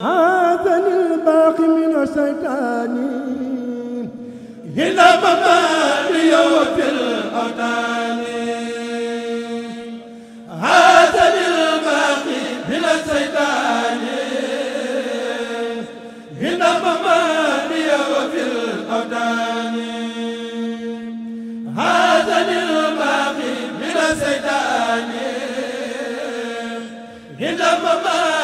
Inna ma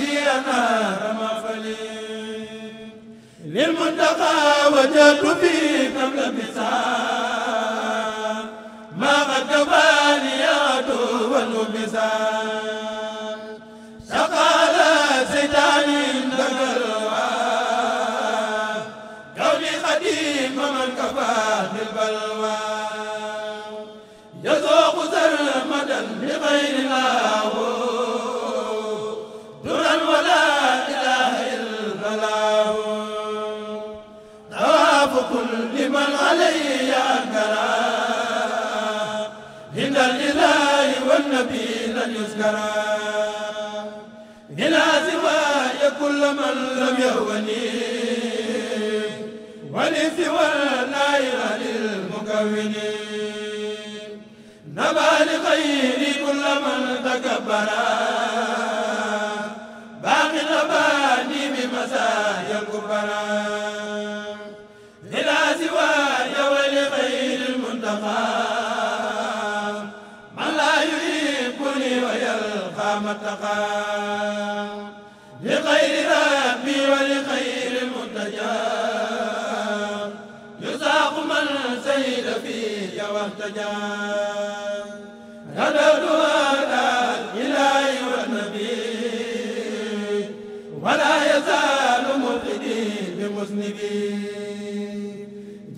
للمنتقى وجدت في قبل مثال ما قد كفاني عدو المثال سقال سيتاني البلوى كوني قديم من كفى بالبلوى يذوق سرمدا بغير الله النبي لن يذكرا بلا سواي كل من لم يهوني ولسوى النائر للمكون نبى لغيري كل من تكبرا باقي نباني بمسايا الكبرى واتقى لخير ربي ولخير المنتجى يساق من سيد فيه واهتجى غدرت هذا الإله والنبي ولا يزال مفقدي بمذنبي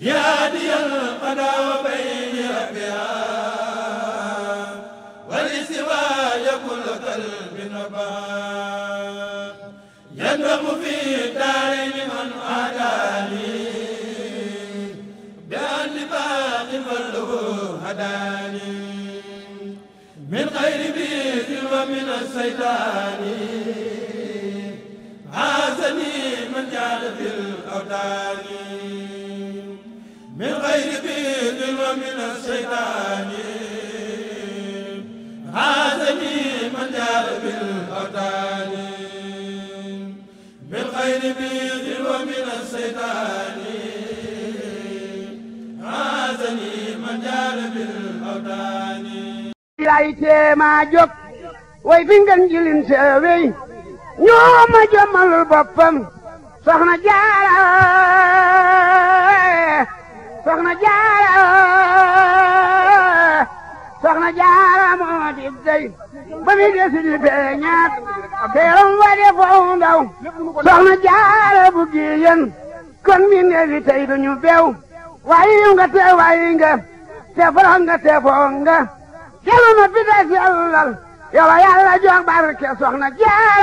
جادي القدر القلب نبات يندم في الدارين من أداني بأن باق فله هداني من غير بيت ومن الشيطان عازني من جعل في الأوتان من غير بيت ومن الشيطان lay tee maa jóg way fi ngeen jilin seewey ñoo ma jommalul boppam soxna jaara soxna jaara ba mi desi di feeñaat te yaram wa de foofu ndaw soxna jaara bu giyen kon mi neefi tey duñu beew waaye yiw nga te waayi nga te forox nga te foog nga kelu na fi des yàllal yow a yàlla jox barke soxna jaara